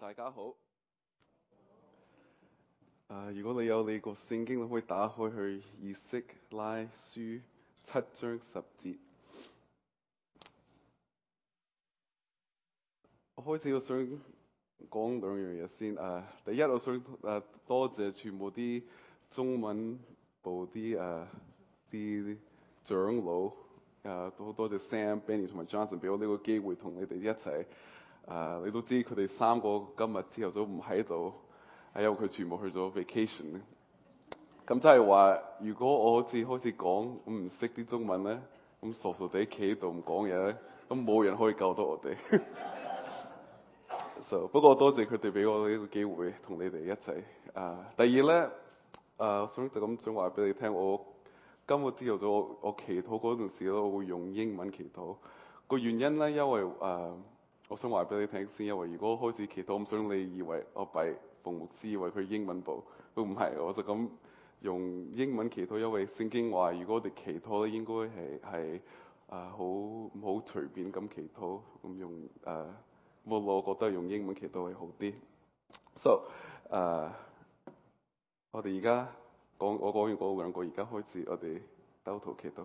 大家好。誒、啊，如果你有你個聖經，你可以打開去以斯拉書七章十節。我開始我想講兩樣嘢先。誒、啊，第一我想誒、啊、多謝全部啲中文部啲誒啲長老。誒、啊，都多謝 Sam、Benny 同埋 Johnson 俾我呢個機會同你哋一齊。誒，uh, 你都知佢哋三個今日朝頭早唔喺度，係因為佢全部去咗 vacation。咁即係話，如果我好似開始講唔識啲中文咧，咁傻傻地企喺度唔講嘢咧，咁冇人可以救到我哋。就、 so, 不過多謝佢哋俾我呢個機會同你哋一齊。誒、uh, 第二咧，我、uh, 想就咁想話俾你聽，我今個朝頭早我祈禱嗰陣時咧，我會用英文祈禱。個原因咧，因為誒。Uh, 我想話俾你聽先，因為如果開始祈禱，唔想你以為我拜馮牧師，以為佢英文部，都唔係，我就咁用英文祈禱。因為聖經話，如果我哋祈禱咧，應該係係啊好唔好隨便咁祈禱，咁用誒，我、呃、我覺得用英文祈禱會好啲。So 誒、呃，我哋而家講我講完嗰兩個，而家開始我哋兜度祈禱。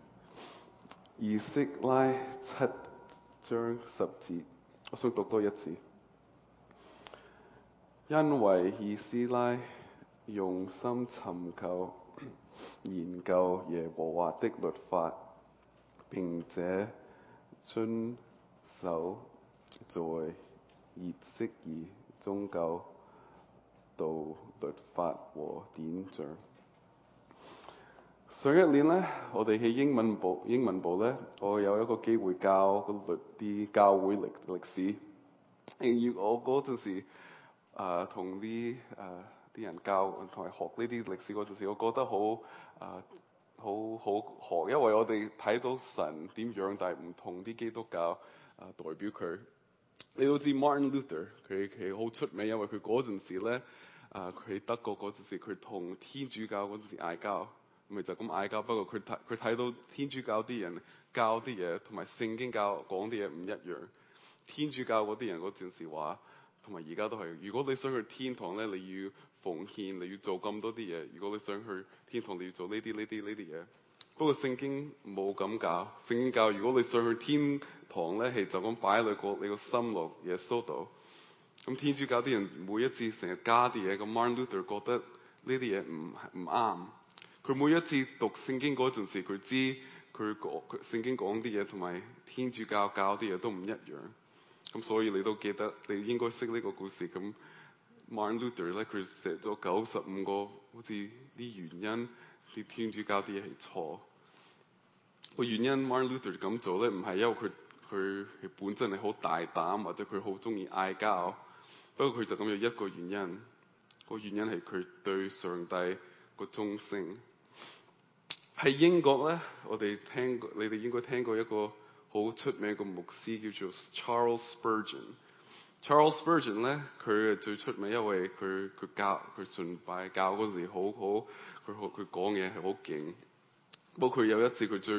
以色拉七章十節，我想讀多一次，因為以斯拉用心尋求研究耶和華的律法，並且遵守在熱色以色列中教導律法和典章。上一年咧，我哋喺英文部，英文部咧，我有一個機會教律啲教會歷歷史。要我嗰陣時，同啲啊啲人教同埋學呢啲歷史嗰陣時，我覺得好啊、呃，好好學，因為我哋睇到神點樣，但係唔同啲基督教啊、呃、代表佢。你好似 Martin Luther，佢佢好出名，因為佢嗰陣時咧啊，佢、呃、喺德國嗰陣時，佢同天主教嗰陣時嗌交。咪就咁嗌交，不過佢睇佢睇到天主教啲人教啲嘢，同埋聖經教講啲嘢唔一樣。天主教嗰啲人嗰陣時話，同埋而家都係。如果你想去天堂咧，你要奉獻，你要做咁多啲嘢。如果你想去天堂，你要做呢啲呢啲呢啲嘢。不過聖經冇咁教，聖經教如果你想去天堂咧，係就咁擺喺你個你個心落耶穌度。咁天主教啲人每一次成日加啲嘢，咁 Martin Luther 覺得呢啲嘢唔唔啱。佢每一次讀聖經嗰陣時，佢知佢講聖經講啲嘢，同埋天主教教啲嘢都唔一樣。咁所以你都記得，你應該識呢個故事。咁 Martin Luther 咧，佢寫咗九十五個，好似啲原因，啲天主教啲嘢係錯。個原因 Martin Luther 咁做咧，唔係因為佢佢本身係好大膽，或者佢好中意嗌交。不過佢就咁有一個原因，個原因係佢對上帝個忠誠。喺英國咧，我哋聽過，你哋應該聽過一個好出名嘅牧師，叫做 Charles Spurgeon。Charles Spurgeon 咧，佢最出名，因為佢佢教佢崇拜教嗰時，好好佢佢講嘢係好勁。不過佢有一次佢最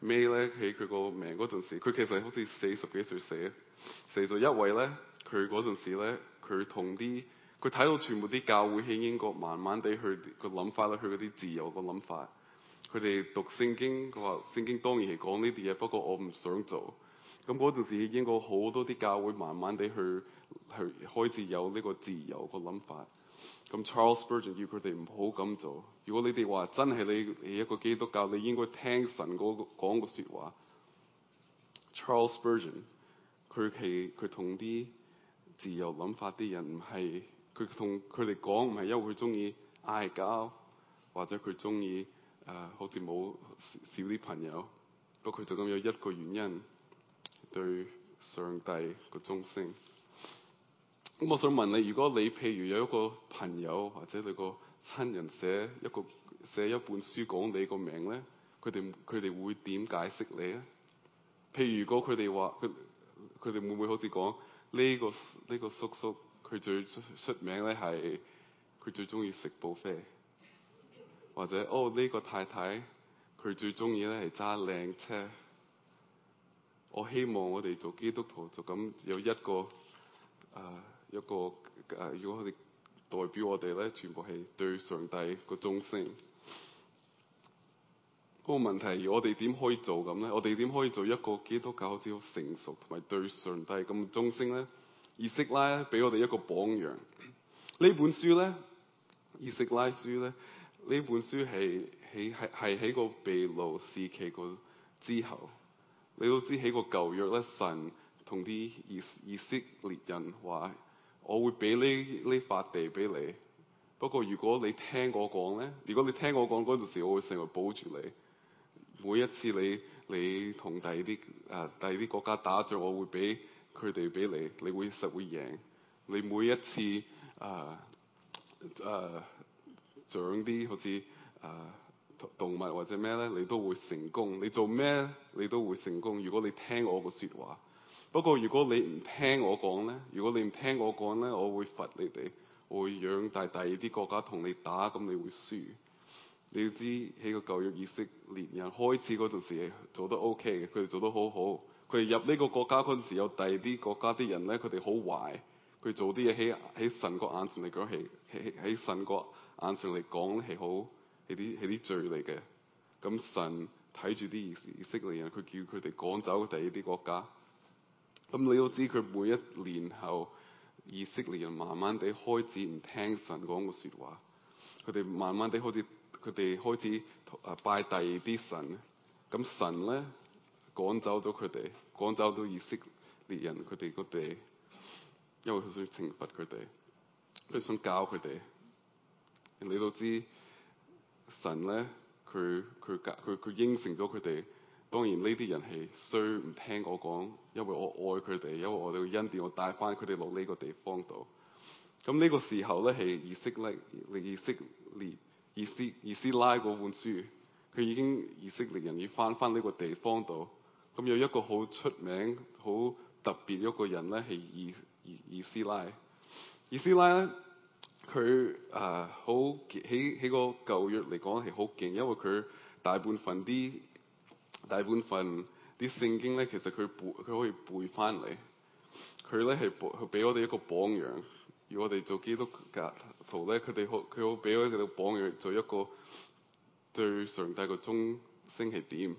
尾咧，喺佢個名嗰陣時，佢其實好似四十幾歲死。死咗一位咧，佢嗰陣時咧，佢同啲佢睇到全部啲教會喺英國慢慢地去個諗法啦，去嗰啲自由個諗法。佢哋讀聖經，佢話聖經當然係講呢啲嘢，不過我唔想做。咁嗰陣時，英國好多啲教會慢慢地去去開始有呢個自由個諗法。咁 Charles Spurgeon 叫佢哋唔好咁做。如果你哋話真係你一個基督教，你應該聽神嗰講個説話。Charles Spurgeon，佢其佢同啲自由諗法啲人唔係，佢同佢哋講唔係因為佢中意嗌交，或者佢中意。誒，uh, 好似冇少啲朋友，不過佢就咁有一個原因對上帝個忠誠。咁我想問你，如果你譬如有一個朋友或者你個親人寫一個寫一,一本書講你個名咧，佢哋佢哋會點解釋你咧？譬如如果佢哋話，佢，佢哋會唔會好似講呢個呢、這個叔叔，佢最出名咧係佢最中意食 buffet。或者哦，呢、這個太太佢最中意咧係揸靚車，我希望我哋做基督徒就咁有一個誒、呃、一個誒、呃、如果佢哋代表我哋咧，全部係對上帝個忠誠。嗰個問題，我哋點可以做咁咧？我哋點可以做一個基督徒好似好成熟同埋對上帝咁忠誠咧？以斯拉咧，俾我哋一個榜樣。呢本書咧，以斯拉書咧。呢本書係喺係係喺個被擄時期之後，你都知喺個舊約咧，神同啲以,以色列人話：我會俾呢呢幅地俾你。不過如果你聽我講咧，如果你聽我講嗰陣時，我會成為保住你。每一次你你同第二啲誒第二啲國家打仗，我會俾佢哋俾你，你會實會贏。你每一次誒誒。呃呃長啲好似誒、呃、動物或者咩咧，你都會成功。你做咩你都會成功。如果你聽我個説話，不過如果你唔聽我講咧，如果你唔聽我講咧，我會罰你哋。我會養大第二啲國家同你打，咁你會輸。你要知喺個教育意識，連人開始嗰陣時係做得 O K 嘅，佢哋做得好好。佢哋入呢個國家嗰陣時，有第二啲國家啲人咧，佢哋好壞。佢做啲嘢喺喺神國眼前嚟講，喺喺喺神國，眼上嚟講係好係啲係啲罪嚟嘅。咁神睇住啲以色列人，佢叫佢哋趕走第二啲國家。咁、嗯、你都知佢每一年後以色列人慢慢地開始唔聽神講嘅說話，佢哋慢慢地開始佢哋開始啊拜第二啲神。咁、嗯、神咧趕走咗佢哋，趕走咗以色列人，佢哋個地，因為佢想懲罰佢哋，佢想教佢哋。你都知神咧，佢佢佢佢應承咗佢哋。當然呢啲人係衰唔聽我講，因為我愛佢哋，因為我哋嘅恩典，我帶翻佢哋落呢個地方度。咁呢個時候咧係以色列、列以色列、以斯以斯拉嗰本書，佢已經以色列人要翻翻呢個地方度。咁有一個好出名、好特別一個人咧係以以以斯拉。以斯拉咧。佢誒、呃、好喺喺個舊約嚟講係好勁，因為佢大半份啲大半份啲聖經咧，其實佢背佢可以背翻嚟。佢咧係背佢俾我哋一個榜樣，要我哋做基督教徒咧，佢哋好佢可俾我哋一個榜樣，做一個對上帝個忠心係點？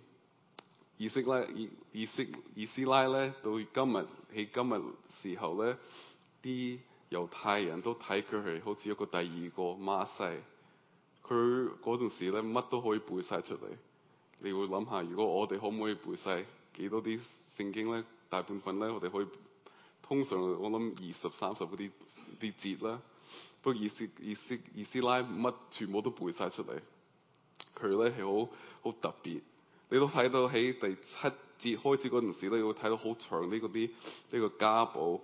以色拉以以，以色以斯拉咧，到今日喺今日時候咧啲。猶太人都睇佢係好似一個第二個摩西，佢嗰陣時咧乜都可以背晒出嚟。你會諗下，如果我哋可唔可以背晒幾多啲聖經咧？大部分咧我哋可以，通常我諗二十三十嗰啲啲節啦，不過以斯以斯以斯拉乜全部都背晒出嚟。佢咧係好好特別，你都睇到喺第七節開始嗰陣時咧，會睇到好長啲嗰啲呢個家譜。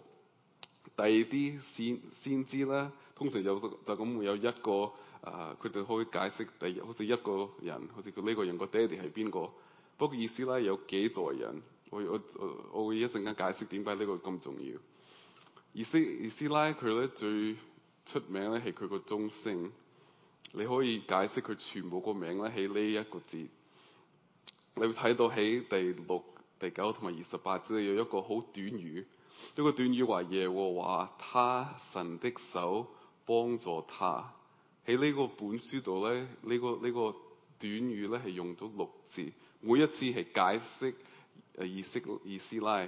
第二啲先先知啦，通常有就咁會有一個誒佢哋可以解釋第好似一個人，好似佢呢個人個爹哋係邊個。不過以斯拉有幾代人，我我我會一陣間解釋點解呢個咁重要。意思以斯拉佢咧最出名咧係佢個忠誠，你可以解釋佢全部個名咧喺呢一個字，你會睇到喺第六、第九同埋二十八節有一個好短語。呢個短語話耶和華，他神的手幫助他喺呢個本書度咧，呢、這個呢、這個短語咧係用咗六字，每一次係解釋誒以斯、以斯拉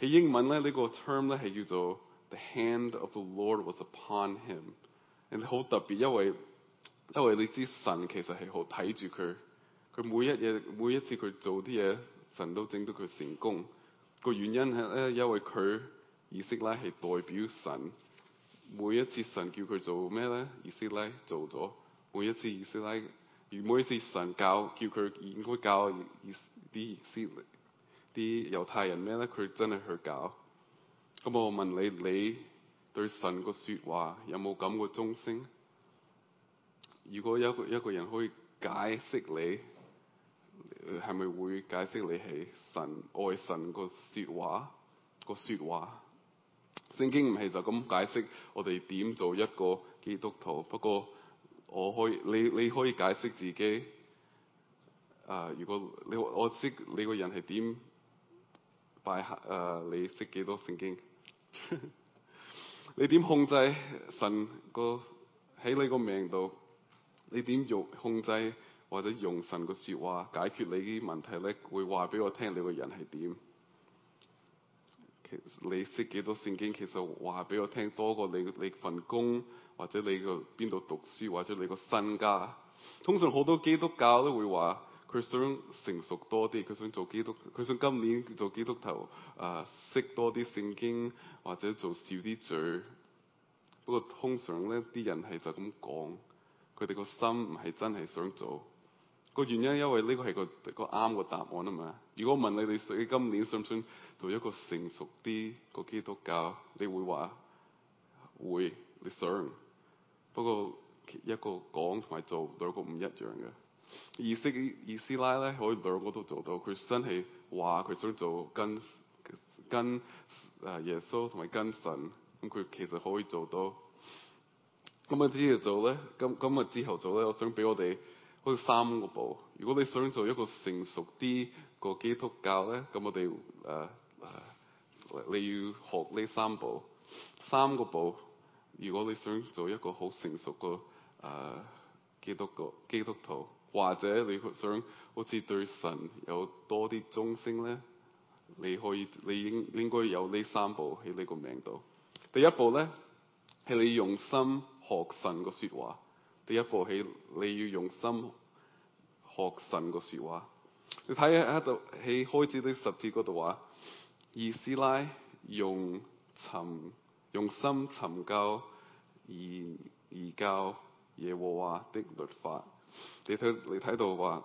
喺英文咧呢、這個 term 咧係叫做 The hand of the Lord was upon him，誒好特別，因為因為你知神其實係好睇住佢，佢每一日、每一次佢做啲嘢，神都整到佢成功。個原因係咧，因為佢以色列係代表神，每神每，每一次神叫佢做咩咧，以色列做咗；每一次以色列如每一次神教叫佢應該教啲以色列啲猶太人咩咧，佢真係去教。咁我問你，你對神有有個說話有冇咁個忠心？如果有一一個人可以解釋你？係咪會解釋你係神愛神個說話個說話？聖經唔係就咁解釋，我哋點做一個基督徒？不過我可以，你你可以解釋自己。啊、呃，如果你我識你個人係點拜下？誒，你識幾、呃、多聖經？ 你點控制神個喺你個命度？你點用控制？或者用神個說話解決你啲問題咧，會話俾我聽你個人係點？其實你識幾多聖經？其實話俾我聽多過你你份工，或者你個邊度讀書，或者你個身家。通常好多基督教都會話佢想成熟多啲，佢想做基督，佢想今年做基督徒，啊、呃、識多啲聖經或者做少啲嘴。不過通常咧，啲人係就咁講，佢哋個心唔係真係想做。個原因，因為呢個係個個啱個答案啊嘛。如果問你哋，你今年想唔想做一個成熟啲個基督教？你會話會，你想。不過一個講同埋做兩個唔一樣嘅。以色列以斯拉咧可以兩個都做到，佢真係話佢想做跟跟誒耶穌同埋跟神，咁佢其實可以做到。咁啊，之後做咧，咁咁啊，之後做咧，我想俾我哋。好似三個步，如果你想做一個成熟啲個基督教咧，咁我哋誒誒，你要學呢三步三個步，如果你想做一個好成熟個誒、uh, 基督個基督徒，或者你想好似對神有多啲忠心咧，你可以你應應該有呢三步喺呢個名度。第一步咧係你用心學神個說話。呢一部戲，你要用心學神個說話。你睇下喺度喺開始的十節度話，以斯拉用尋用心尋求而而教耶和華的律法。你睇你睇到話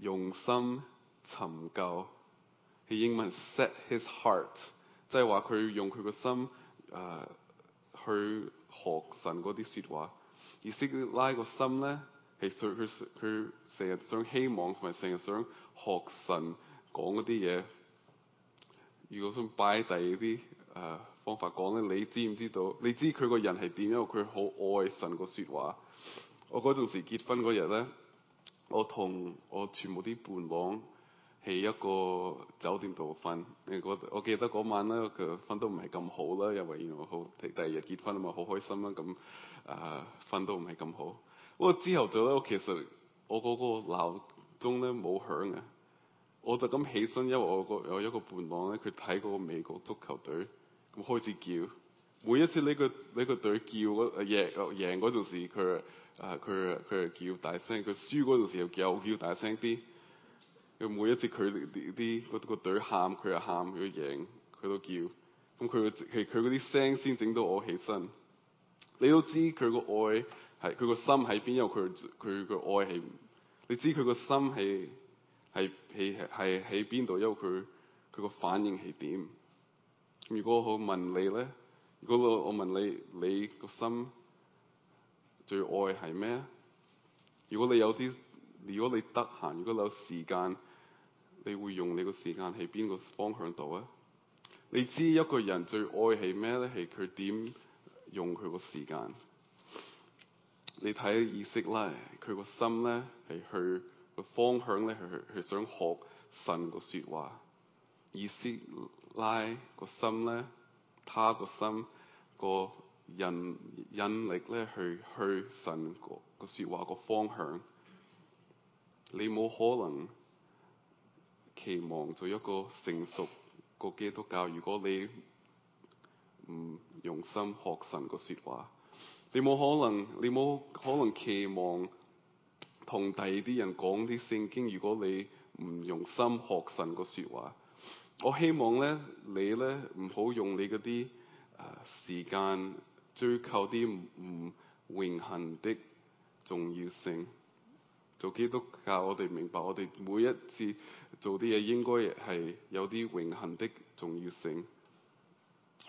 用心尋求，喺英文 set his heart，即係話佢要用佢個心誒、呃、去學神啲說話。以斯拉個心咧係佢佢成日想希望同埋成日想學神講嗰啲嘢。如果想擺第啲誒方法講咧，你知唔知道？你知佢個人係點樣？因佢好愛神個説話。我嗰陣時結婚嗰日咧，我同我全部啲伴郎。喺一個酒店度瞓，我記得嗰晚咧，佢瞓得唔係咁好啦，因為原好第二日結婚啊嘛，好開心啦，咁啊瞓得唔係咁好。不過之後就咧，其實我嗰個鬧鐘咧冇響嘅，我就咁起身，因為我個有一個伴郎咧，佢睇嗰個美國足球隊咁開始叫，每一次呢個呢個隊叫嗰贏贏嗰陣時，佢佢佢叫大聲；佢輸嗰陣時又叫叫，叫大聲啲。佢每一次佢哋啲個個隊喊，佢又喊，佢都贏，佢都叫。咁佢佢佢嗰啲聲先整到我起身。你都知佢個愛，係佢個心喺邊，因為佢佢個愛係，你知佢個心係係係係喺邊度，因為佢佢個反應係點，如果我問你咧，如果我我問你，你個心最愛係咩？如果你有啲，如果你得閒，如果你有時間。你會用你個時間喺邊個方向度啊？你知一個人最愛係咩咧？係佢點用佢個時間？你睇以斯拉，佢個心咧係去個方向咧，係係想學神，說個，神個，個說話。以斯拉個心咧，他個心個人引力咧，係去神個個說話個方向。你冇可能。期望做一個成熟個基督教，如果你唔用心學神個說話，你冇可能，你冇可能期望同第二啲人講啲聖經。如果你唔用心學神個說話，我希望咧，你咧唔好用你嗰啲誒時間追求啲唔榮幸的重要性。做基督教，我哋明白，我哋每一次。做啲嘢應該係有啲永恒的重要性。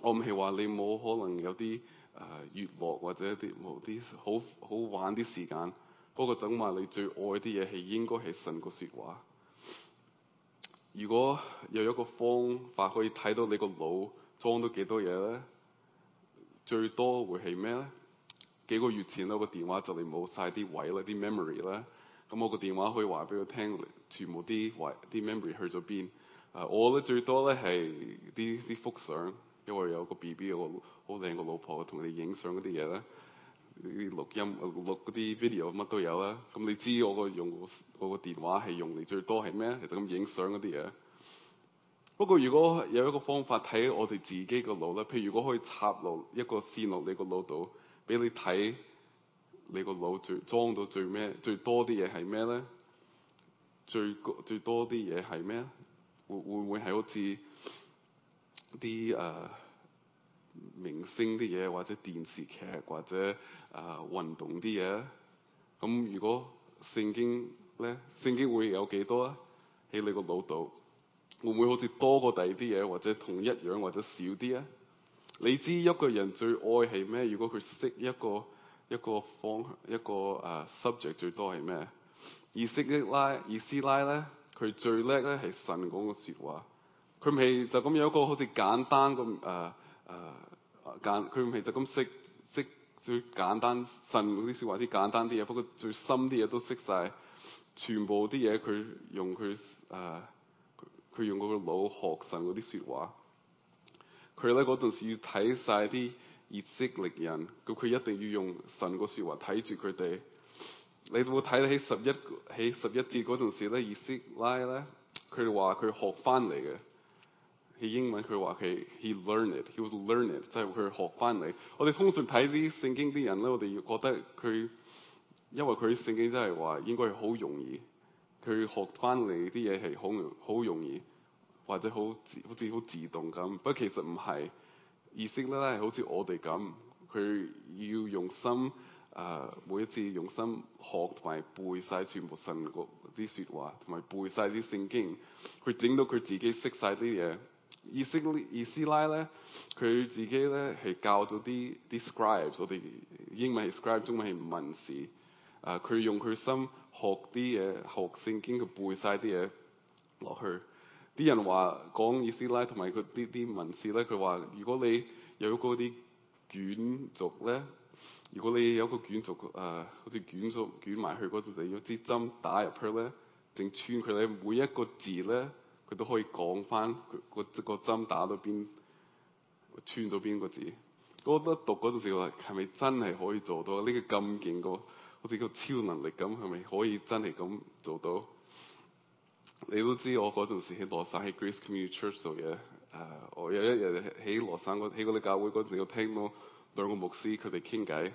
我唔係話你冇可能有啲誒娛樂或者啲冇啲好好玩啲時間，不過等埋你最愛啲嘢係應該係神個說話。如果有一個方法可以睇到你個腦裝咗幾多嘢咧，最多會係咩咧？幾個月前我個電話就嚟冇晒啲位啦，啲 memory 啦，咁我個電話可以話俾佢聽。全部啲壞啲 memory 去咗邊？啊、uh，我咧最多咧係啲啲幅相，因為有個 BB，有個好靚個老婆同佢哋影相嗰啲嘢咧。啲錄音、啊、錄嗰啲 video 乜都有啦。咁你知我個用我我個電話係用嚟最多係咩？其實咁影相嗰啲嘢。不過如果有一個方法睇我哋自己個腦咧，譬如如果可以插落一個線落你個腦度，俾你睇你個腦最裝到最咩最多啲嘢係咩咧？最最多啲嘢係咩啊？會會唔會係好似啲誒明星啲嘢，或者電視劇或者誒、呃、運動啲嘢？咁如果聖經咧，聖經會有幾多啊？喺你個腦度，會唔會好似多過第二啲嘢，或者同一樣或者少啲啊？你知一個人最愛係咩？如果佢識一個一個方向一個誒、呃、subject 最多係咩？而色拉斯拉，而斯奶咧，佢最叻咧係神嗰個說話，佢唔係就咁有一個好似簡單咁，誒、呃、誒、呃、簡，佢唔係就咁識識最簡單的神嗰啲說話啲簡單啲嘢，不過最深啲嘢都識晒，全部啲嘢佢用佢誒，佢、呃、用嗰個腦學神嗰啲說話，佢咧嗰陣時要睇晒啲以色列人，咁佢一定要用神個說話睇住佢哋。你會睇到喺十一喺十一節嗰陣時咧，以斯拉咧，佢話佢學翻嚟嘅。喺英文佢話佢 he learned it，he was learned it，即係佢學翻嚟。我哋通常睇啲聖經啲人咧，我哋要覺得佢，因為佢聖經真係話應該係好容易，佢學翻嚟啲嘢係好容好容易，或者好好似好自動咁。不過其實唔係，以斯拉咧係好似我哋咁，佢要用心。誒、uh, 每一次用心學同埋背晒全部神嗰啲説話，同埋背晒啲聖經，佢整到佢自己識晒啲嘢。以色以斯拉咧，佢自己咧係教咗啲啲 scribes，我哋英文係 scribe，中文係文士。誒、啊，佢用佢心學啲嘢，學聖經，佢背晒啲嘢落去。啲人話講以斯拉同埋佢啲啲文士咧，佢話：如果你有嗰啲卷軸咧，如果你有個卷軸，誒、呃，好似捲咗捲埋去嗰陣時，有支針打入去咧，正穿佢咧，每一個字咧，佢都可以講翻，個個針打到邊，穿咗邊個字。我覺得讀嗰陣時話，係咪真係可以做到呢、呢個咁勁個？好似個超能力咁，係咪可以真係咁做到？你都知我嗰陣時喺羅省喺 Grace Community Church 做嘢。誒、呃，我有一日喺羅省喺嗰啲教會嗰陣時，我聽我。兩個牧師佢哋傾偈，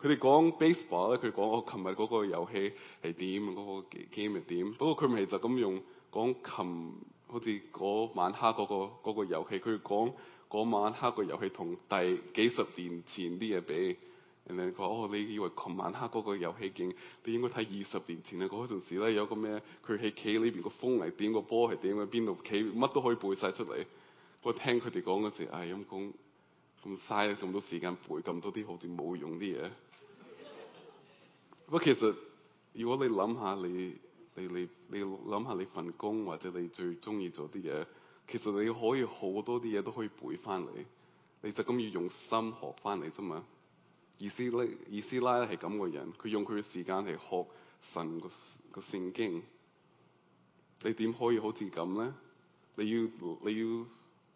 佢哋講 baseball 咧，佢講我琴日嗰個遊戲係點，嗰、嗰個 game 係點。不過佢咪就咁用講琴，好似嗰晚黑、嗰、嗰個嗰、嗰個遊戲，佢哋講晚黑個遊戲同第幾十年前啲嘢比，人哋話哦，你以為琴晚黑嗰個遊戲勁？你應該睇二十年前啊嗰陣時咧有個咩？佢喺企裏邊個風嚟點個波係點？邊度企乜都可以背晒出嚟。我聽佢哋講嗰時，唉陰公。咁嘥咁多時間背咁多啲好似冇用啲嘢。不過 其實如果你諗下你你你你諗下，你份工或者你最中意做啲嘢，其實你可以好多啲嘢都可以背翻嚟。你就咁要用心學翻嚟啫嘛。以斯拉以斯拉咧係咁個人，佢用佢嘅時間嚟學神個個聖經。你點可以好似咁咧？你要你要。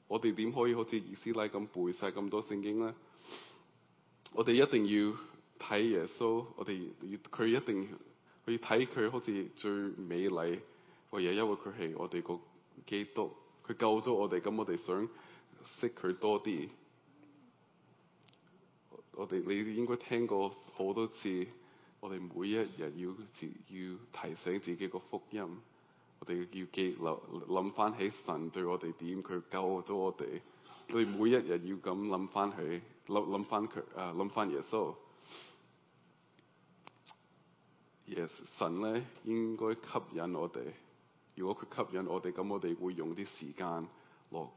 我哋點可以好似以斯拉咁背晒咁多聖經咧？我哋一定要睇耶穌，我哋要佢一定要睇佢好似最美麗個嘢，因為佢係我哋個基督，佢救咗我哋，咁我哋想識佢多啲。我哋你應該聽過好多次，我哋每一日要自要提醒自己個福音。我哋要記留，諗翻起神對我哋點，佢救咗我哋。我哋每一日要咁諗翻起，諗諗翻佢啊，諗翻耶穌。耶、yes，神咧應該吸引我哋。如果佢吸引我哋，咁我哋會用啲時間落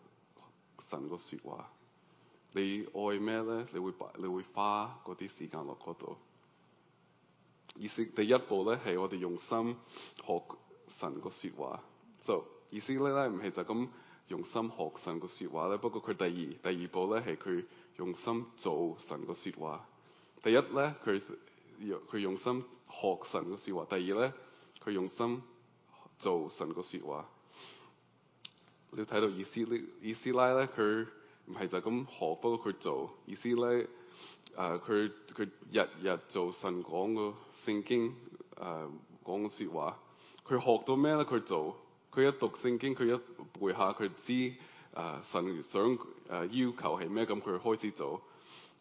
神個説話。你愛咩咧？你會，你會花嗰啲時間落嗰度。意思第一步咧，係我哋用心學。神個說話就、so, 意思咧，咧唔係就咁用心學神個說話咧。不過佢第二第二步咧，係佢用心做神個說話。第一咧，佢佢用心學神個說話。第二咧，佢用心做神個說話。你要睇到意思呢？意思呢？咧佢唔係就咁學，不過佢做意思咧誒，佢、呃、佢日日做神講個聖經誒、呃，講個說話。佢學到咩咧？佢做佢一讀聖經，佢一背下，佢知啊、呃、神想啊、呃、要求係咩，咁佢開始做。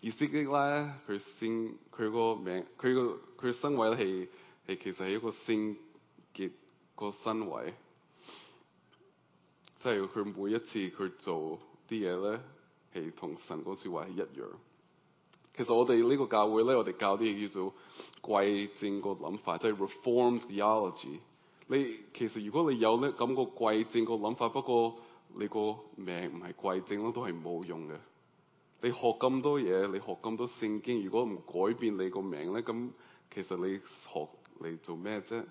而斯拉咧，佢聖佢個名佢個佢身位係係其實係一個聖潔個身位，即係佢每一次佢做啲嘢咧係同神嗰説話係一樣。其實我哋呢個教會咧，我哋教啲嘢叫做歸正個諗法，即係 reformed theology。你其實，如果你有咧咁個歸正個諗法，不過你個名唔係歸正咯，都係冇用嘅。你學咁多嘢，你學咁多聖經，如果唔改變你個名咧，咁其實你學嚟做咩啫？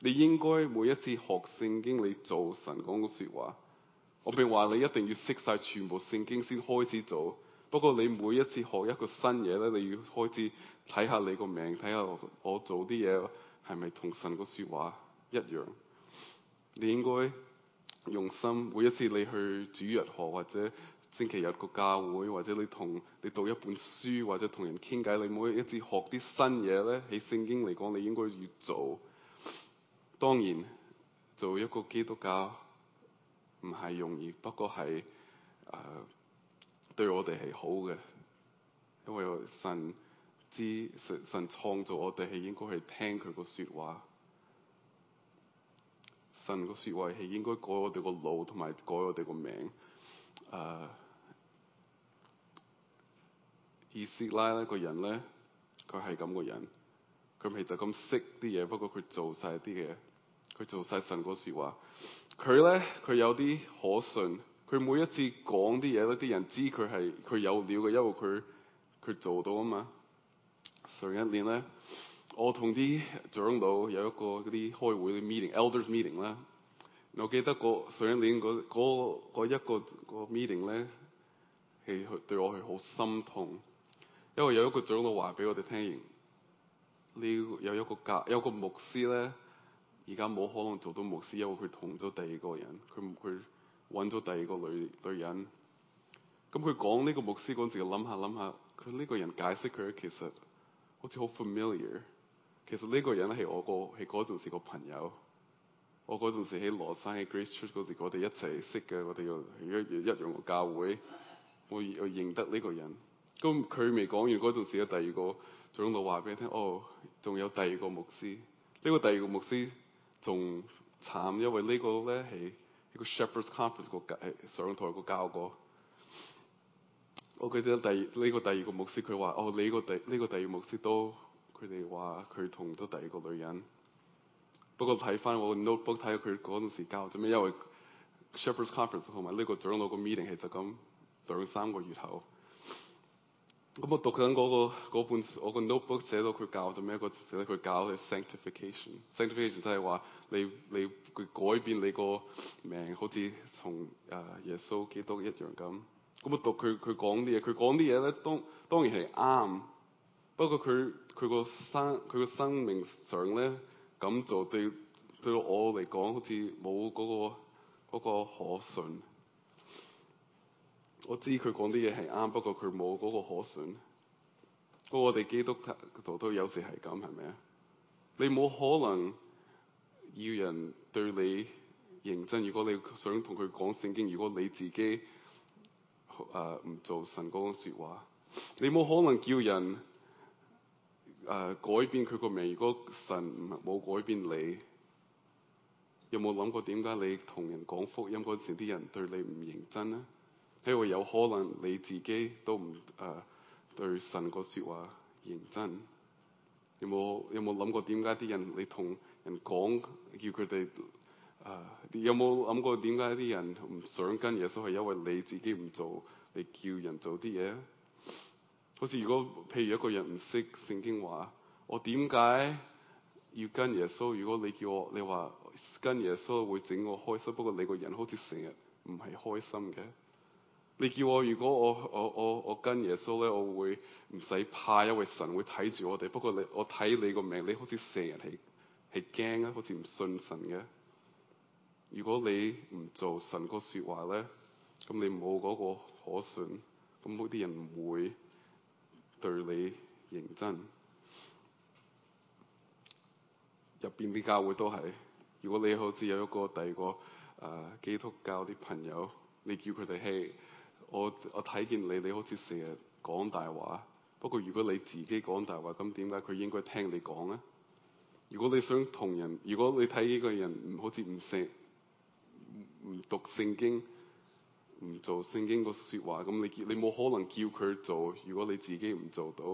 你應該每一次學聖經，你做神講嘅説話。我並話你一定要識晒全部聖經先開始做。不過你每一次學一個新嘢咧，你要開始睇下你個名，睇下我做啲嘢係咪同神個説話。一樣，你應該用心。每一次你去主日學，或者星期日個教會，或者你同你讀一本書，或者同人傾偈，你每一次學啲新嘢咧。喺聖經嚟講，你應該要做。當然，做一個基督教唔係容易，不過係誒、呃、對我哋係好嘅，因為神知神神創造我哋，係應該去聽佢個説話。神個説話係應該改我哋個腦同埋改我哋個名。以、uh, 斯拉咧個人咧，佢係咁個人，佢唔就咁識啲嘢，不過佢做晒啲嘢，佢做晒神嗰説話。佢咧，佢有啲可信，佢每一次講啲嘢咧，啲人知佢係佢有料嘅，因為佢佢做到啊嘛。上一年咧，我同啲長老有一個嗰啲開會嘅 meeting、elders meeting 啦。我記得上個上年嗰一個個 meeting 咧，係去對我係好心痛，因為有一個長老話俾我哋聽，呢有一個隔有個牧師咧，而家冇可能做到牧師，因為佢同咗第二個人，佢唔佢揾咗第二個女女人。咁佢講呢個牧師嗰時，自己諗下諗下，佢呢個人解釋佢其實好似好 familiar。其實呢個人係我個，喺嗰陣時個朋友。我嗰陣時喺羅山喺 Grace Church 嗰時我，我哋一齊識嘅，我哋又一一樣個教會，我又認得呢個人。咁佢未講完嗰陣時，有第二個長老話俾你聽，哦，仲有第二個牧師。呢個第二個牧師仲慘，因為個呢一個咧係喺個 Shepherds Conference 個上台個教過。我記得第呢個第二個牧師佢話，哦，呢個第呢個第二個牧師都。佢哋話佢同咗第二個女人，不過睇返我個 notebook 睇下佢嗰陣時教咗咩，因為 Shepherd's Conference 同埋呢個長老嘅 meeting 係就咁兩三個月後，咁我讀緊、那、嗰個嗰半，我個 notebook 寫到佢教咗咩，個寫到佢教嘅 sanctification，sanctification San 就係話你你佢改變你個命，好似同誒耶穌基督一樣咁。咁我讀佢佢講啲嘢，佢講啲嘢咧，當當然係啱。不過佢佢個生佢個生命上咧咁做，對對我嚟講好似冇嗰個嗰個可信。我知佢講啲嘢係啱，不過佢冇嗰個可信。我哋基督徒都有時係咁，係咪啊？你冇可能要人對你認真，如果你想同佢講聖經，如果你自己啊唔、呃、做神嗰種説話，你冇可能叫人。誒、呃，改變佢個名。如果神冇改變你，有冇諗過點解你同人講福音嗰時，啲人對你唔認真咧？因為有可能你自己都唔誒、呃、對神個說話認真。有冇有冇諗過點解啲人你同人講，叫佢哋誒？有冇諗過點解啲人唔想跟耶穌？係因為你自己唔做，你叫人做啲嘢。好似如果譬如一個人唔識聖經話，我點解要跟耶穌？如果你叫我你話跟耶穌會整我開心，不過你個人好似成日唔係開心嘅。你叫我如果我我我我跟耶穌咧，我會唔使怕，因為神會睇住我哋。不過你我睇你個名，你好似成日係係驚啊，好似唔信神嘅。如果你唔做神個說話咧，咁你冇嗰個可信。咁啲人唔會。對你認真，入邊啲教會都係。如果你好似有一個第二個誒、呃、基督教啲朋友，你叫佢哋 hea 我，我睇見你，你好似成日講大話。不過如果你自己講大話，咁點解佢應該聽你講呢？如果你想同人，如果你睇呢個人唔好似唔識，唔讀聖經。唔做聖經個說話，咁你叫你冇可能叫佢做。如果你自己唔做到，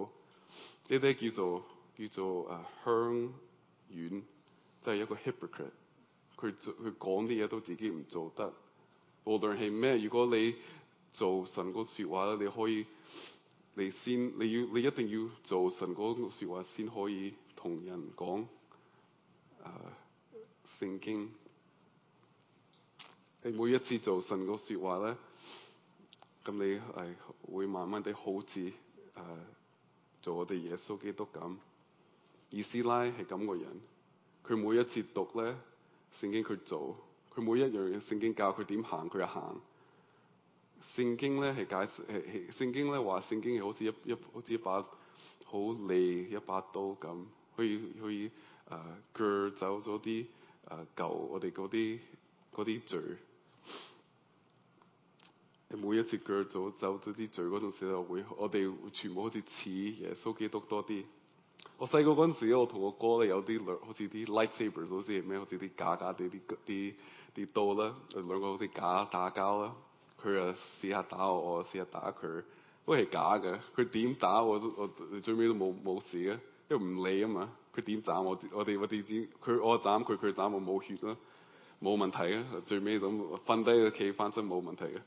呢啲叫做叫做誒鄉願，即係一個 hypocrite。佢佢講啲嘢都自己唔做得。無論係咩，如果你做神個說話咧，你可以你先。你要你一定要做神個說話先可以同人講誒、啊、聖經。你每一次做神個說話咧，咁你係會慢慢地好似誒、呃，做我哋耶穌基督咁。以斯拉係咁個人，佢每一次讀咧聖經，佢做，佢每一樣聖經教佢點行，佢又行。聖經咧係解釋，釋聖經咧話，聖經係好似一一好似一把好利一把刀咁，可以誒鋸、呃、走咗啲誒舊我哋嗰啲嗰啲罪。每一次腳走走到啲嘴嗰陣時候會，我哋全部好似似耶穌基督多啲。我細個嗰陣時，我同我哥咧有啲好似啲 lightsaber，好似咩，好似啲假假啲啲啲刀啦，兩、啊、個好似假打交啦。佢啊試下打我，我試、啊、下打佢，都係假嘅。佢點打我我，我最尾都冇冇事嘅，因為唔理啊嘛。佢點斬我，我哋我哋點佢我斬佢，佢斬我冇血啦。冇問題嘅，最尾咁瞓低嘅企翻身冇問題嘅。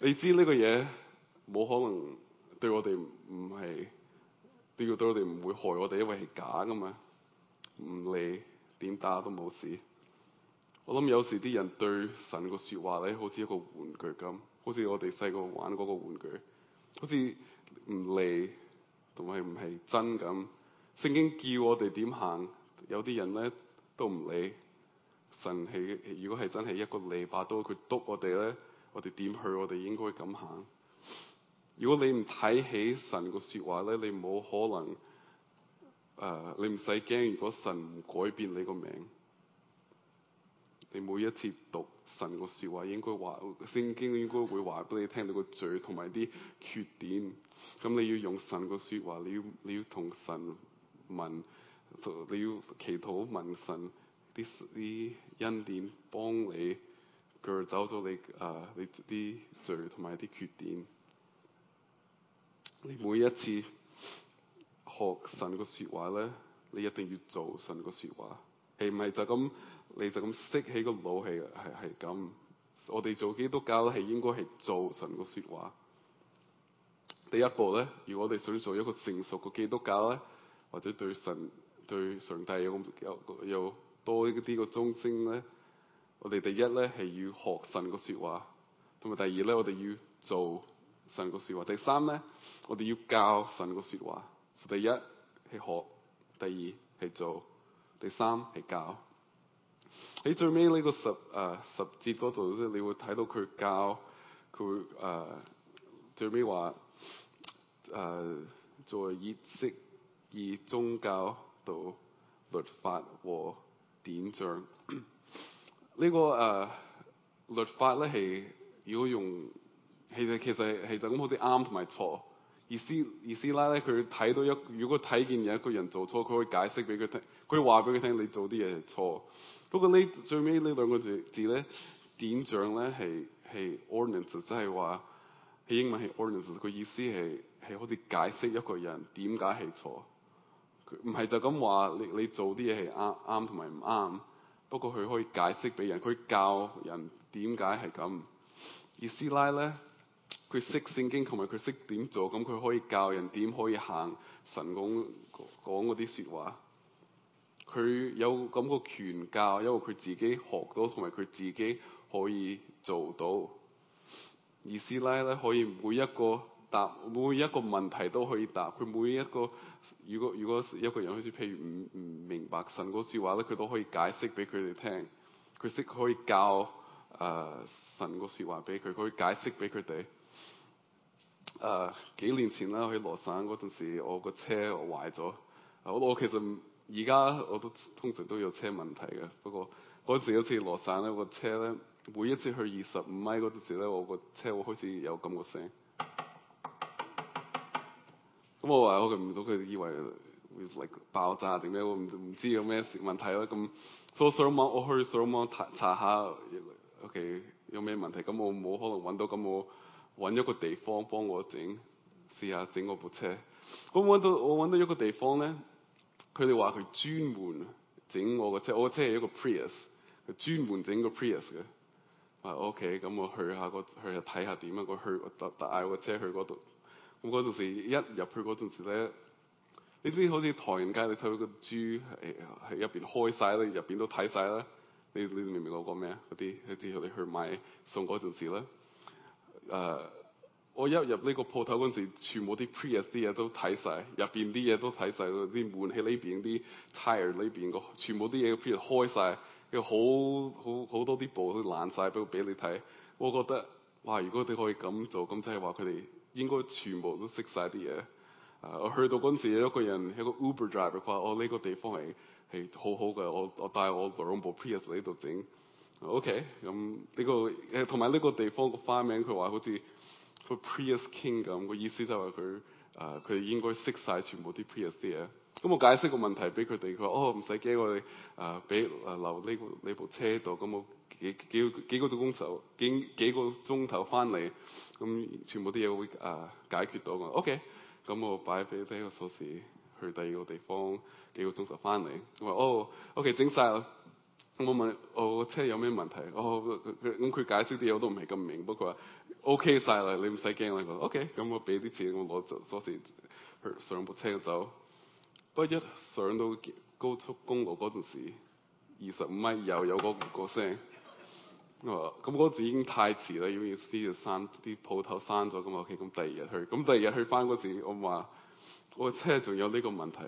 你知呢個嘢冇可能對我哋，唔係都要對我哋，唔會害我哋，因為係假噶嘛。唔理點打都冇事。我諗有時啲人對神個説話咧，好似一個玩具咁，好似我哋細個玩嗰個玩具，好似唔理同埋唔係真咁。聖經叫我哋點行，有啲人咧都唔理。神起，如果係真係一個利把刀佢督我哋咧，我哋點去？我哋應該咁行。如果你唔睇起神個説話咧，你冇可能誒、呃，你唔使驚。如果神唔改變你個名，你每一次讀神個説話，應該話聖經應該會話俾你聽你個罪同埋啲缺點。咁你要用神個説話，你要你要同神問，你要祈禱問神。啲恩典幫你，佢走咗你啊、呃！你啲罪同埋啲缺點。你每一次學神個説話咧，你一定要做神個説話，係咪就咁？你就咁識起個腦係係係咁。我哋做基督教咧，係應該係做神個説話。第一步咧，如果我哋想做一個成熟嘅基督教咧，或者對神對上帝有有有。有有多一啲個忠心咧，我哋第一咧係要學神個説話，同埋第二咧我哋要做神個説話。第三咧，我哋要教神個説話。第一係學，第二係做，第三係教。喺最尾呢個十誒、呃、十節嗰度咧，你會睇到佢教佢、誒、呃、最尾話誒，在熱識以宗教度律法和。典章呢、這個誒、呃、律法咧係如果用，其實其實係就咁好似啱同埋錯，而師而師奶咧佢睇到一如果睇見有一個人做錯，佢會解釋俾佢聽，佢話俾佢聽你做啲嘢係錯，不過呢最尾呢兩個字字咧，典章咧係係 ordinance，即係話係英文係 ordinance，個意思係係好似解釋一個人點解係錯。唔係就咁話，你你做啲嘢係啱啱同埋唔啱。不過佢可以解釋俾人，佢教人點解係咁。而師奶咧，佢識聖經同埋佢識點做，咁佢可以教人點可以行神講講嗰啲説話。佢有咁個權教，因為佢自己學到同埋佢自己可以做到。而師奶咧，可以每一個。每一個問題都可以答。佢每一個，如果如果一個人好似譬如唔唔明白神個說話咧，佢都可以解釋俾佢哋聽，佢識可以教誒、呃、神個說話俾佢，可以解釋俾佢哋。誒、呃、幾年前啦，去羅省陣時，我個車壞咗。我我，我其實而家我都通常都有車問題嘅，不過陣時好似羅省咧，個車咧，每一次去二十五米陣時咧，我個車會開始有咁個聲。咁我話我見唔到佢，以為會 like 爆炸定咩？我唔唔知有咩問題啦。咁上網，我去上網查查下，O.K. 有咩問題？咁我冇可能揾到，咁我揾一個地方幫我整，試下整我部車。咁揾到我揾到一個地方咧，佢哋話佢專門整我個車，我個車係一個 Prius，佢專門整個 Prius 嘅。啊 O.K. 咁我去下個去下睇下點樣？我去特特嗌個車去嗰度。嗰陣時一入去嗰陣時咧，你知，好似唐人街，你睇到個豬喺喺入邊開晒，咧，入邊都睇晒啦。你，你明唔明我講咩啊？嗰啲之後你去買餸嗰陣時咧，誒、呃，我一入呢個鋪頭嗰陣時，全部啲 p r e s 啲嘢都睇晒，入邊啲嘢都睇晒，啲門喺呢邊，啲 chair 呢邊個，全部啲嘢譬如開晒，要好好好多啲布都爛晒都俾你睇。我覺得哇！如果你可以咁做，咁即係話佢哋。應該全部都識晒啲嘢。啊、uh，我去到嗰陣時，有一個人喺個 Uber Drive 誒，話我呢個地方係係好好嘅，我我帶我兩部 Prius 嚟度整。OK，咁、嗯、呢、呢個誒同埋呢個地方個花名，佢話好似 The Prius King 咁。個意思就係佢啊，佢、呃、應該識晒全部啲 Prius 啲嘢。咁、嗯、我解釋個問題俾佢哋，佢話哦，唔使驚，我哋啊俾啊留呢呢部車度咁。嗯嗯幾幾幾個鐘頭幾幾個鐘頭翻嚟，咁全部啲嘢會誒、啊、解決到嘅。OK，咁我擺俾第一個鎖匙去第二個地方，幾個鐘頭翻嚟。我話哦，OK 整晒啦。我問我個、哦、車有咩問題？哦，咁、嗯、佢解釋啲嘢我都唔係咁明，不過 OK 晒啦，你唔使驚啦。OK，咁我俾啲錢，我攞咗鎖匙去上部車走。不一上到高速公路嗰陣時，二十五米又有嗰個聲。咁嗰時已經太遲啦，要要撕要閂啲鋪頭閂咗咁啊！OK，咁第二日去，咁第二日去翻嗰時，我話：我個車仲有呢個問題。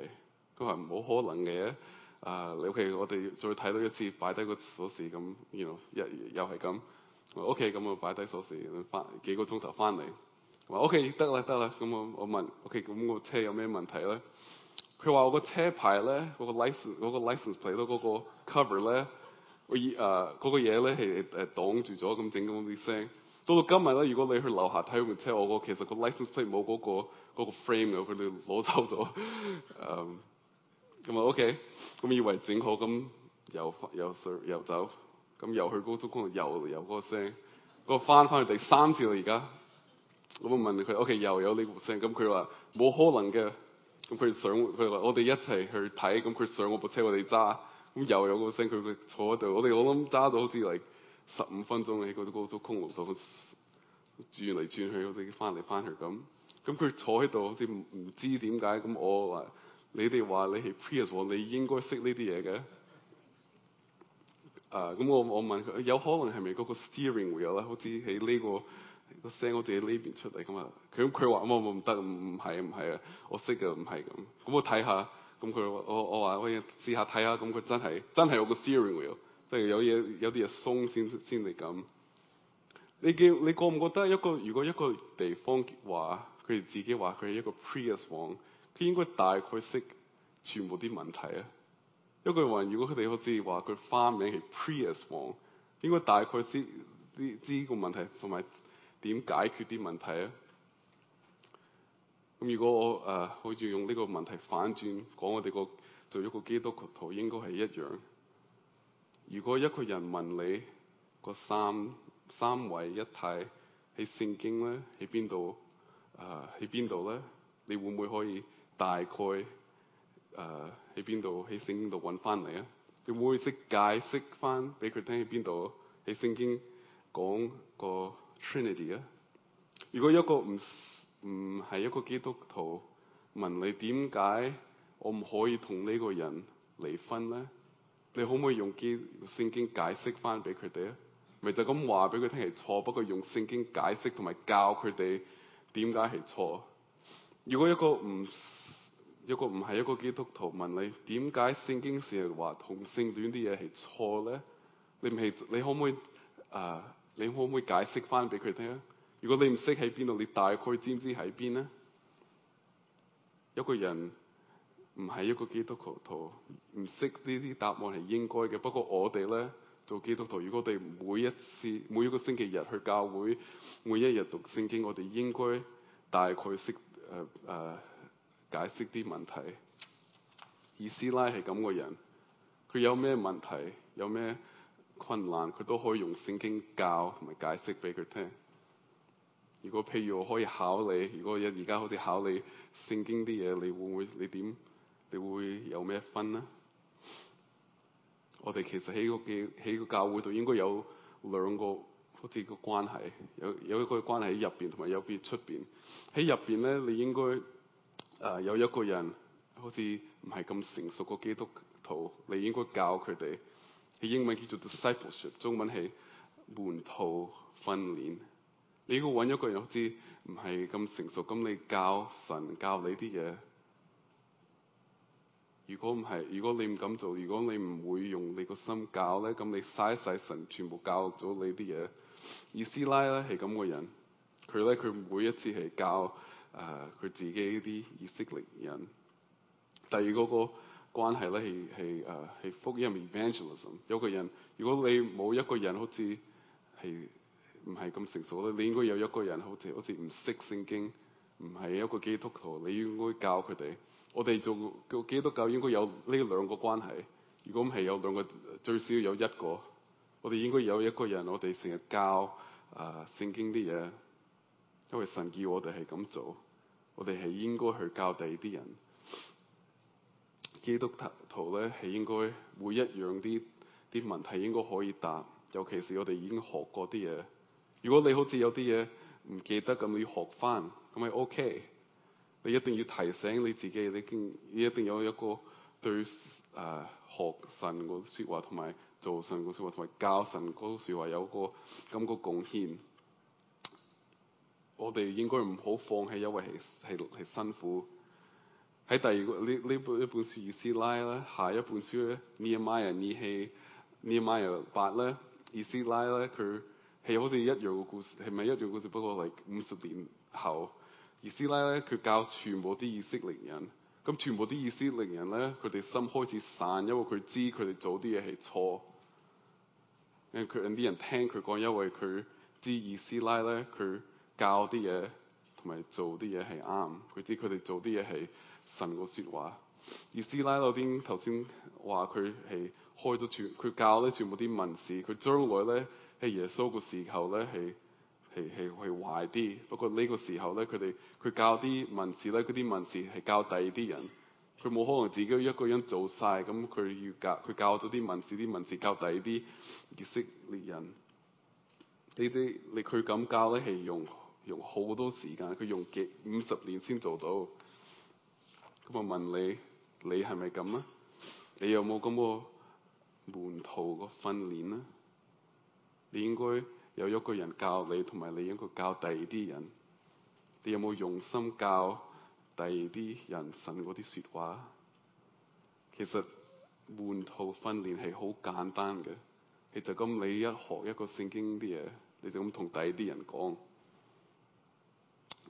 佢話：唔好可能嘅。啊 OK，我哋再睇到一次，擺低個鎖匙咁，然後又又係咁。我 OK，咁我擺低鎖匙，翻幾個鐘頭翻嚟。話 OK，得啦得啦，咁我我問 OK，咁我 okay, 車有咩問題咧？佢話：我個車牌咧，我、嗰個 license，我個 license 牌到嗰個 cover 咧。我以誒嗰個嘢咧係誒擋住咗，咁整嗰啲聲。到到今日咧，如果你去樓下睇部車，我個其實個 license plate 冇嗰個嗰個 frame 嘅，佢哋攞走咗。嗯，咁啊 OK，咁以為整好咁又又上又走，咁又去高速公路又又嗰個聲。咁翻翻去第三次啦而家，咁我問佢：OK 又有呢個聲？咁佢話冇可能嘅。咁佢上，佢話我哋一齊去睇。咁佢上我部車，我哋揸。咁又有個聲，佢佢坐喺度，我哋我諗揸咗好似嚟十五分鐘喺個高速公路度轉嚟轉去，回回去好我哋翻嚟翻去咁。咁佢坐喺度，好似唔知點解。咁我話：你哋話你係 Prius，你應該識呢啲嘢嘅。啊、uh,，咁我我問佢有可能係咪嗰個 steering wheel 咧、這個？好似喺呢個個聲好似喺呢邊出嚟噶嘛？佢咁佢話：我我唔得，唔唔係唔係啊！我識嘅唔係咁。咁我睇下。咁佢我我話我可以試下睇下，咁佢真係真係有個 steering wheel，即係有嘢有啲嘢鬆先先嚟咁。你叫你覺唔覺得一個如果一個地方話佢自己話佢係一個 previous one，佢應該大概識全部啲問題啊？一句話，如果佢哋好似話佢花名係 previous one，應該大概知知知個問題同埋點解決啲問題啊？咁如果我誒、呃、好似用呢個問題反轉講我，我哋個做一個基督徒，徒應該係一樣。如果一個人問你個三三位一體喺聖經咧，喺邊度誒？喺邊度咧，你會唔會可以大概誒？喺邊度喺聖經度揾翻嚟啊？你會唔會識解釋翻俾佢聽？喺邊度喺聖經講個 Trinity 啊？如果一個唔唔係一個基督徒問你點解我唔可以同呢個人離婚咧？你可唔可以用經聖經解釋翻俾佢哋啊？咪就咁話俾佢聽係錯，不過用聖經解釋同埋教佢哋點解係錯。如果一個唔一個唔係一個基督徒問你點解聖經成日話同性戀啲嘢係錯咧？你唔係，你可唔可以誒、呃，你可唔可以解釋翻俾佢聽啊。如果你唔識喺邊度，你大概知唔知喺邊咧？一個人唔係一個基督徒，唔識呢啲答案係應該嘅。不過我哋咧做基督徒，如果我哋每一次每一個星期日去教會，每一日讀聖經，我哋應該大概識誒誒解釋啲問題。以斯拉係咁個人，佢有咩問題、有咩困難，佢都可以用聖經教同埋解釋俾佢聽。如果譬如我可以考你，如果一而家好似考你聖經啲嘢，你會唔會你點你會有咩分咧？我哋其實喺、這個記喺個教會度應該有兩個好似個關係，有有一個關係喺入邊同埋有別出邊。喺入邊咧，你應該誒、呃、有一個人好似唔係咁成熟嘅基督徒，你應該教佢哋。喺英文叫做 discipleship，中文係門徒訓練。你要揾一個人，好似唔係咁成熟。咁你教神教你啲嘢，如果唔係，如果你唔敢做，如果你唔會用你個心教咧，咁你嘥晒神全部教咗你啲嘢。而以斯拉咧係咁個人，佢咧佢每一次係教誒佢、呃、自己啲以色列人。第二嗰個關係咧係係誒係福音 evangelism。有個人，如果你冇一個人好似係。唔係咁成熟咧。你應該有一個人好似好似唔識聖經，唔係一個基督徒。你應該教佢哋。我哋做個基督教應該有呢兩個關係，如果唔係有兩個最少有一個，我哋應該有一個人，我哋成日教啊呃、聖經啲嘢，因為神叫我哋係咁做，我哋係應該去教第二啲人。基督徒咧係應該每一樣啲啲問題應該可以答，尤其是我哋已經學過啲嘢。如果你好似有啲嘢唔記得咁，你要學翻咁係 OK。你一定要提醒你自己，你經一定有一個對誒、呃、學神個説話同埋做神個説話同埋教神嗰個説話有、這個咁個貢獻。我哋應該唔好放棄，因為係係係辛苦。喺第二個呢呢本一本書以斯拉啦，下一本書尼阿瑪亞尼希尼阿瑪亞巴勒以斯拉咧佢。係好似一樣個故事，係咪一樣故事？不過係五十年後，以斯拉咧，佢教全部啲以色列人，咁全部啲以色列人咧，佢哋心開始散，因為佢知佢哋做啲嘢係錯。因佢有啲人聽佢講，因為佢知以斯拉咧，佢教啲嘢同埋做啲嘢係啱。佢知佢哋做啲嘢係神個説話。以斯拉嗰邊頭先話佢係開咗全，佢教咧全部啲文字。佢將來咧。係、hey, 耶穌個時候咧，係係係係壞啲。不過呢個時候咧，佢哋佢教啲文字咧，嗰啲文字係教第二啲人。佢冇可能自己一個人做晒，咁佢要教佢教咗啲文字，啲文字教第二啲以色列人。呢啲你佢咁教咧，係用用好多時間。佢用幾五十年先做到。咁我問你，你係咪咁啊？你有冇咁個門徒個訓練啊？你應該有一個人教你，同埋你應該教第二啲人。你有冇用心教第二啲人神啲說話？其實換套訓練係好簡單嘅。你就咁、是、你一學一個聖經啲嘢，你就咁同第二啲人講。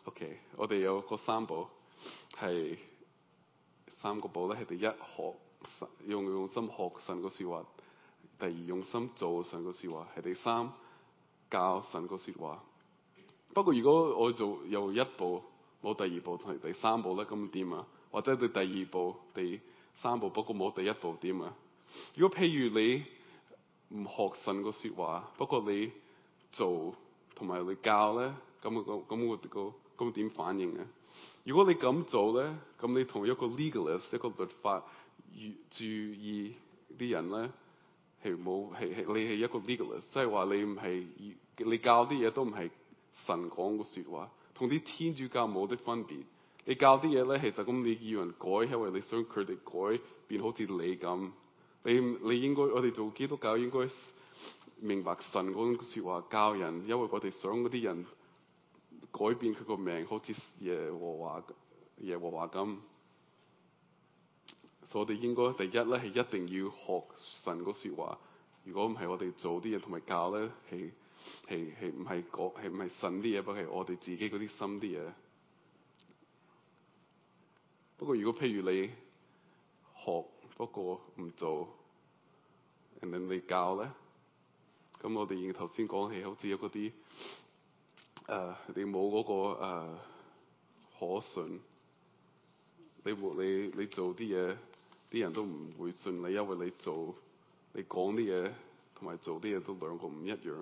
OK，我哋有個三步，係三個步咧，係第一學用用心學神個說話。第二，用心做神個說話，係第三教神個說話。不過如果我做有一步冇第二步同埋第三步咧，咁點啊？或者對第二步、第三步不過冇第一步點啊？如果譬如你唔學神個說話，不過你做同埋你教咧，咁個咁個個咁點反應啊？如果你咁做咧，咁你同一個 legalist 一個律法注意啲人咧？係冇係係你係一個 illegal，即係話你唔係你教啲嘢都唔係神講嘅說話，同啲天主教冇得分別，你教啲嘢咧，其實咁你要人改，因為你想佢哋改變好似你咁。你你應該我哋做基督教應該明白神嗰說話教人，因為我哋想啲人改變佢個命，好似耶和華耶和華咁。我哋應該第一咧係一定要學神個説話。如果唔係，是是是是我哋做啲嘢同埋教咧，係係係唔係講係唔係神啲嘢，不係我哋自己嗰啲心啲嘢。不過如果譬如你學不過唔做，人哋你教咧，咁我哋頭先講起，好似有嗰啲誒，你冇嗰、嗰個、呃、可信，你冇你你做啲嘢。啲人都唔會信你，因為你做、你講啲嘢同埋做啲嘢都兩個唔一樣。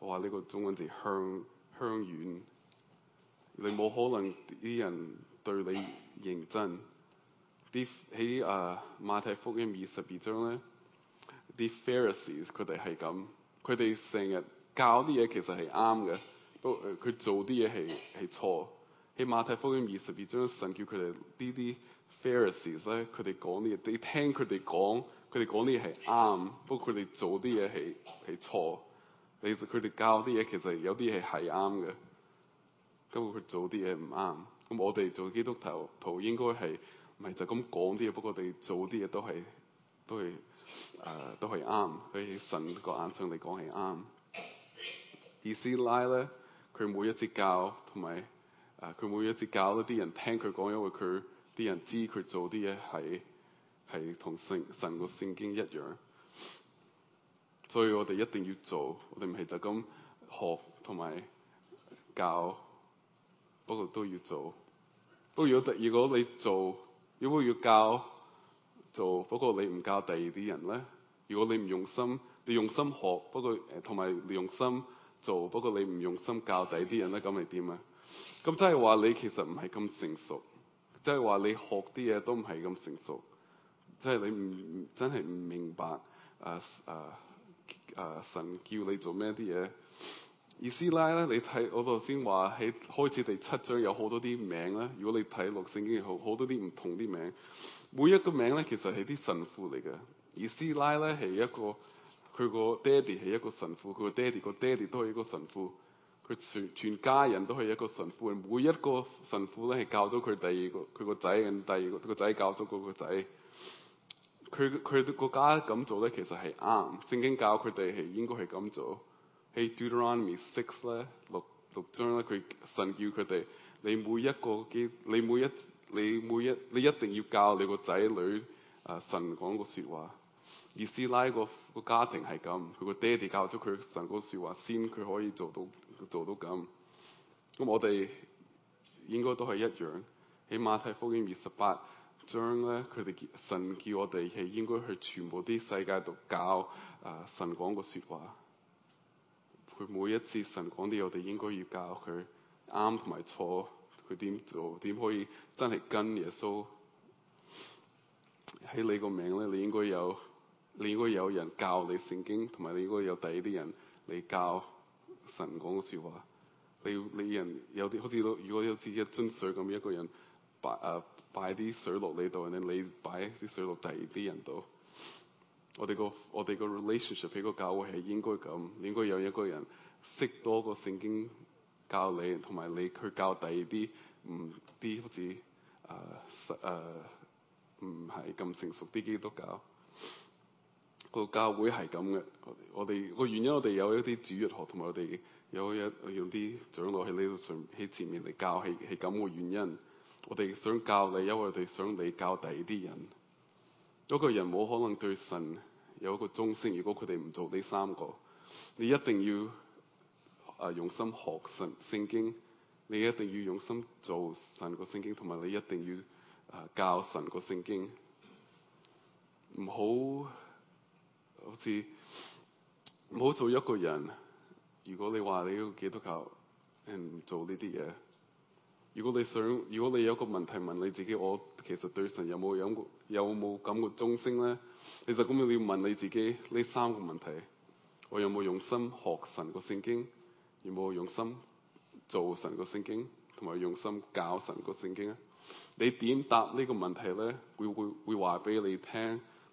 我話呢個中文字香香遠，你冇可能啲人對你認真。啲喺啊馬太福音二十二章咧，啲 Pharisees 佢哋係咁，佢哋成日教啲嘢其實係啱嘅，不過佢做啲嘢係係錯。喺馬太福音二十二章，神叫佢哋啲啲。法利 s 咧，佢哋講啲嘢，你聽佢哋講，佢哋講啲嘢係啱，不過佢哋做啲嘢係係錯。你佢哋教啲嘢其實有啲嘢係啱嘅，不過佢做啲嘢唔啱。咁我哋做基督徒徒應該係咪就咁講啲嘢？不過我哋做啲嘢都係都係誒、呃、都係啱。起神個眼中嚟講係啱。以斯拉咧，佢每一節教同埋誒佢每一節教嗰啲人聽佢講，因為佢。啲人知佢做啲嘢係係同聖神個聖經一樣，所以我哋一定要做，我哋唔係就咁學同埋教，不過都要做。不過如果如果你做，如果要教做，不過你唔教第二啲人咧，如果你唔用心，你用心學，不過誒同埋你用心做，不過你唔用心教第二啲人咧，咁係點啊？咁真係話你其實唔係咁成熟。即係話你學啲嘢都唔係咁成熟，即係你唔真係唔明白啊啊啊，神叫你做咩啲嘢？以斯拉咧，你睇我頭先話喺開始第七章有好多啲名啦。如果你睇《六聖經》，好好多啲唔同啲名。每一個名咧，其實係啲神父嚟嘅。以斯拉咧，係一個佢個爹哋係一個神父，佢個爹哋個爹哋都係一個神父。佢全全家人都係一個神父，每一個神父咧係教咗佢第二個佢個仔，第二個個仔教咗嗰個仔。佢佢個家咁做咧，其實係啱。聖經教佢哋係應該係咁做。喺、hey, Deuteronomy six 咧六六章咧，佢神叫佢哋：你每一個基，你每一你每一你一定要教你、呃、個仔女啊神講個説話。而師奶個個家庭係咁，佢個爹哋教咗佢神嗰説話先，佢可以做到。做到咁，咁我哋應該都係一樣，起碼睇福音二十八章咧，佢哋神叫我哋係應該去全部啲世界度教啊、呃！神講嘅説話佢每一次神講啲，我哋應該要教佢啱同埋錯佢點做，點可以真係跟耶穌。喺你個名咧，你應該有，你應該有人教你聖經同埋你應該有第二啲人你教。神講嘅説話，你你人有啲好似如果有自己一樽水咁樣，一個人擺誒擺啲水落你度咧，你擺啲水落第二啲人度。我哋個我哋個 relationship 喺個教會係應該咁，應該有一個人識多個聖經教你，同埋你去教第二啲唔啲好似誒誒唔係咁成熟啲基督教。個教會係咁嘅，我哋個原，原因，我哋有一啲主日學，同埋我哋有一用啲長老喺呢度上喺前面嚟教，係係咁嘅原因。我哋想教你，因為我哋想你教第二啲人。一個人冇可能對神有一個忠心。如果佢哋唔做呢三個，你一定要誒、呃、用心學神聖經，你一定要用心做神個聖經，同埋你一定要誒、呃、教神個聖經。唔好。好似唔好做一個人。如果你話你要基督徒，唔做呢啲嘢。如果你想，如果你有個問題問你自己，我其實對神有冇有冇有有有感覺忠心咧？你就咁樣，你要問你自己呢三個問題，我有冇用心學神個聖經，有冇用心做神個聖經，同埋用心教神個聖經啊，你點答呢個問題咧？會會會話俾你聽。